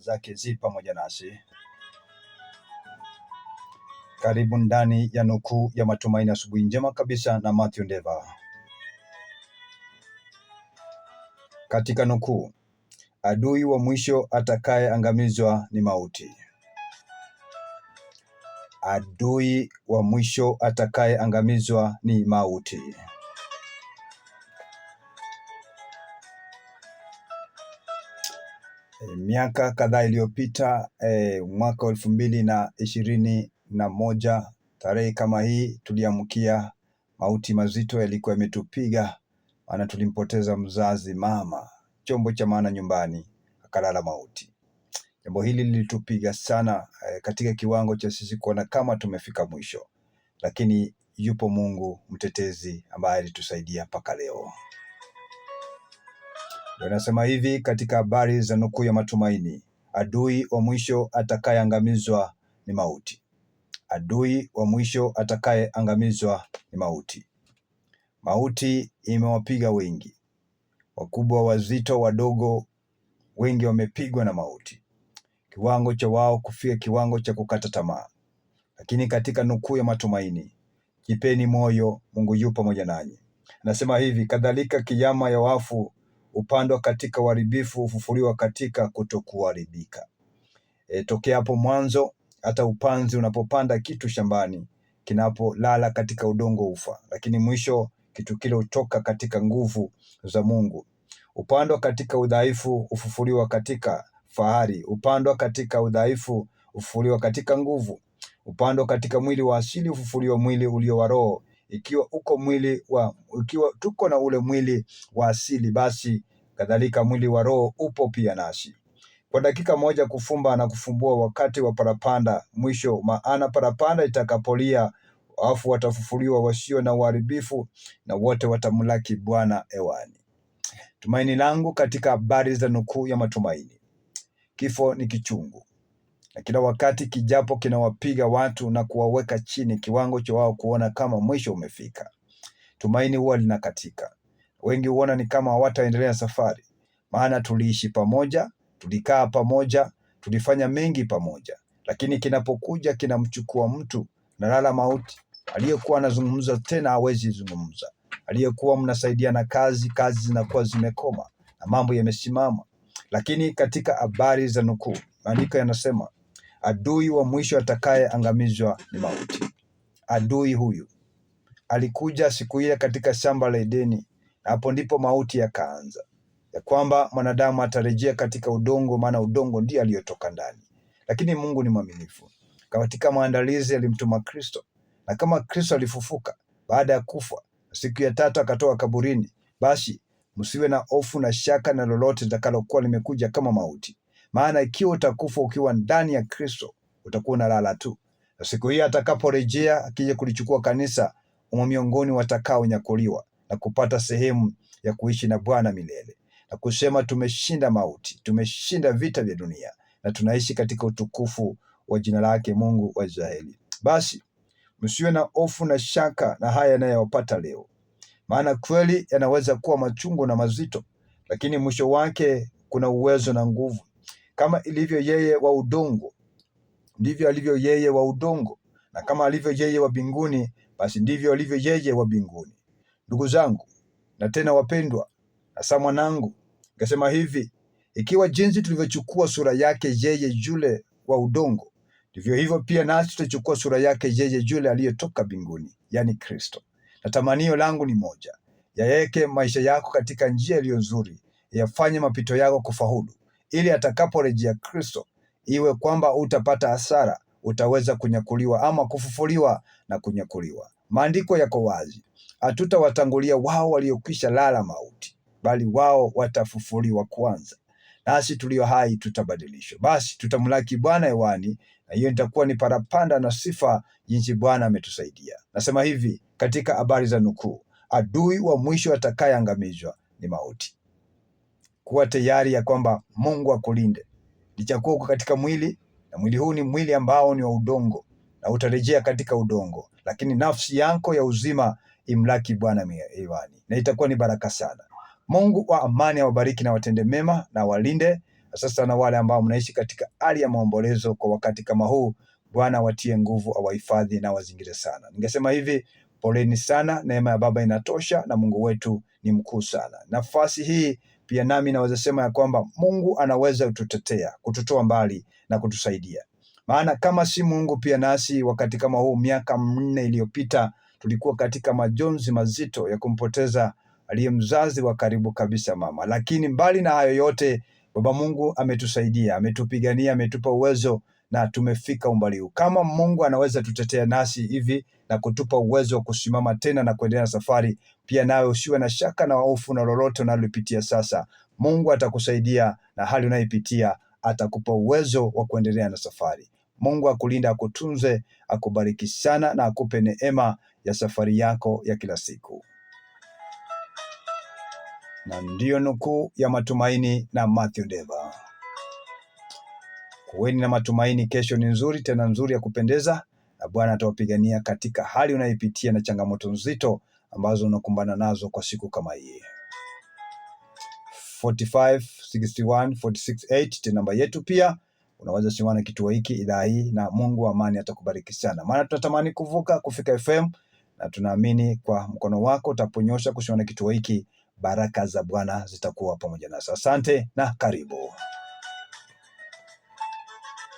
zake zi pamoja nasi. Karibu ndani ya nukuu ya matumaini, asubuhi njema kabisa na Mathew Ndeva. Katika nukuu, adui wa mwisho atakayeangamizwa ni mauti. Adui wa mwisho atakayeangamizwa ni mauti. Eh, miaka kadhaa iliyopita eh, mwaka wa elfu mbili na ishirini na moja tarehe kama hii tuliamkia mauti mazito yalikuwa yametupiga, maana tulimpoteza mzazi mama, chombo cha maana nyumbani, akalala mauti. Jambo hili lilitupiga sana eh, katika kiwango cha sisi kuona kama tumefika mwisho, lakini yupo Mungu mtetezi ambaye alitusaidia mpaka leo wanasema hivi katika habari za nukuu ya matumaini, adui wa mwisho atakayeangamizwa ni mauti. Adui wa mwisho atakayeangamizwa ni mauti. Mauti imewapiga wengi, wakubwa, wazito, wadogo, wengi wamepigwa na mauti, kiwango cha wao kufika kiwango cha kukata tamaa. Lakini katika nukuu ya matumaini, jipeni moyo, Mungu yupo pamoja nanyi. Anasema hivi, kadhalika kiama ya wafu upandwa katika uharibifu, hufufuliwa katika kutokuharibika. E, tokea hapo mwanzo, hata upanzi unapopanda kitu shambani, kinapolala katika udongo ufa, lakini mwisho kitu kile hutoka katika nguvu za Mungu. Upandwa katika udhaifu, hufufuliwa katika fahari. Upandwa katika udhaifu, hufufuliwa katika nguvu. Upandwa katika mwili wa asili, hufufuliwa mwili ulio wa roho ikiwa uko mwili wa ikiwa tuko na ule mwili wa asili, basi kadhalika mwili wa roho upo pia nasi. Kwa dakika moja kufumba na kufumbua wakati wa parapanda mwisho, maana parapanda itakapolia wafu watafufuliwa wasio na uharibifu na wote watamlaki Bwana ewani. Tumaini langu katika habari za nukuu ya matumaini. Kifo ni kichungu, na kila wakati kijapo kinawapiga watu na kuwaweka chini kiwango cha wao kuona kama mwisho umefika. Tumaini huwa linakatika, wengi huona ni kama hawataendelea safari. Maana tuliishi pamoja, tulikaa pamoja, tulifanya mengi pamoja, lakini kinapokuja kinamchukua mtu na lala mauti. Aliyekuwa anazungumza tena hawezi zungumza, aliyekuwa mnasaidiana kazi, kazi zinakuwa zimekoma na mambo yamesimama. Lakini katika habari za nukuu, maandiko yanasema Adui wa mwisho atakayeangamizwa ni mauti. Adui huyu alikuja siku ile katika shamba la Edeni, na hapo ndipo mauti yakaanza, ya kwamba mwanadamu atarejea katika udongo, maana udongo ndiye aliyotoka ndani. Lakini Mungu ni mwaminifu, katika maandalizi alimtuma Kristo, na kama Kristo alifufuka baada ya kufa, siku ya tatu akatoka kaburini, basi msiwe na hofu na shaka na lolote litakalokuwa limekuja kama mauti, maana ikiwa utakufa ukiwa ndani ya Kristo, utakuwa unalala tu, na siku hiyo atakaporejea, akija kulichukua kanisa, umo miongoni watakaonyakuliwa na kupata sehemu ya kuishi na Bwana milele na kusema, tumeshinda mauti, tumeshinda vita vya dunia na tunaishi katika utukufu wa jina lake Mungu wa Israeli. Basi msiwe na hofu na shaka na haya yanayowapata leo, maana kweli yanaweza kuwa machungu na mazito, lakini mwisho wake kuna uwezo na nguvu. Kama ilivyo yeye wa udongo, ndivyo alivyo yeye wa udongo, na kama alivyo yeye wa mbinguni, basi ndivyo alivyo yeye wa mbinguni. Ndugu zangu na tena wapendwa, hasa mwanangu, nikasema hivi, ikiwa jinsi tulivyochukua sura yake yeye yule wa udongo, ndivyo hivyo pia nasi tutachukua sura yake yeye yule aliyetoka mbinguni, yani Kristo. Na tamanio langu ni moja, yaweke maisha yako katika njia iliyo nzuri, yafanye mapito yako kufaulu ili atakaporejea Kristo iwe kwamba utapata hasara, utaweza kunyakuliwa ama kufufuliwa na kunyakuliwa. Maandiko yako wazi, hatutawatangulia wao waliokwisha lala mauti, bali wao watafufuliwa kwanza, nasi tulio hai tutabadilishwa. Basi tutamlaki Bwana hewani, na hiyo itakuwa ni parapanda na sifa jinsi Bwana ametusaidia. Nasema hivi katika habari za nukuu, adui wa mwisho atakayeangamizwa ni mauti kuwa tayari ya kwamba Mungu akulinde licha kuwa uko katika mwili, na mwili huu ni mwili ambao ni wa udongo na utarejea katika udongo, lakini nafsi yako ya uzima imlaki Bwana imani, na itakuwa ni baraka sana. Mungu wa amani awabariki na watende mema na walinde sasa na wale ambao mnaishi katika hali ya maombolezo kwa wakati kama huu, Bwana watie nguvu, awahifadhi na wazingire sana. Ningesema hivi, poleni sana, neema ya Baba inatosha na Mungu wetu ni mkuu sana. Nafasi hii pia nami naweza sema ya kwamba Mungu anaweza kututetea, kututoa mbali na kutusaidia. Maana kama si Mungu, pia nasi wakati kama huu miaka minne iliyopita tulikuwa katika majonzi mazito ya kumpoteza aliye mzazi wa karibu kabisa, mama. Lakini mbali na hayo yote, Baba Mungu ametusaidia, ametupigania, ametupa uwezo na tumefika umbali huu. Kama Mungu anaweza tutetea nasi hivi na kutupa uwezo wa kusimama tena na kuendelea na safari, pia nawe usiwe na shaka na waofu na lolote unalopitia sasa. Mungu atakusaidia na hali unayoipitia atakupa uwezo wa kuendelea na safari. Mungu akulinda, akutunze, akubariki sana na akupe neema ya safari yako ya kila siku. Na ndiyo nukuu ya matumaini na Mathew Deva. Kuweni na matumaini, kesho ni nzuri, tena nzuri ya kupendeza, na Bwana atawapigania katika hali unayoipitia na changamoto nzito ambazo unakumbana nazo kwa siku kama hii. 4561468 namba yetu pia unaweza simana kituo hiki idhaa hii, na Mungu wa amani atakubariki sana, maana tunatamani kuvuka kufika FM na tunaamini kwa mkono wako utaponyosha kusimana kituo hiki, baraka za Bwana zitakuwa pamoja nasi. Asante na karibu.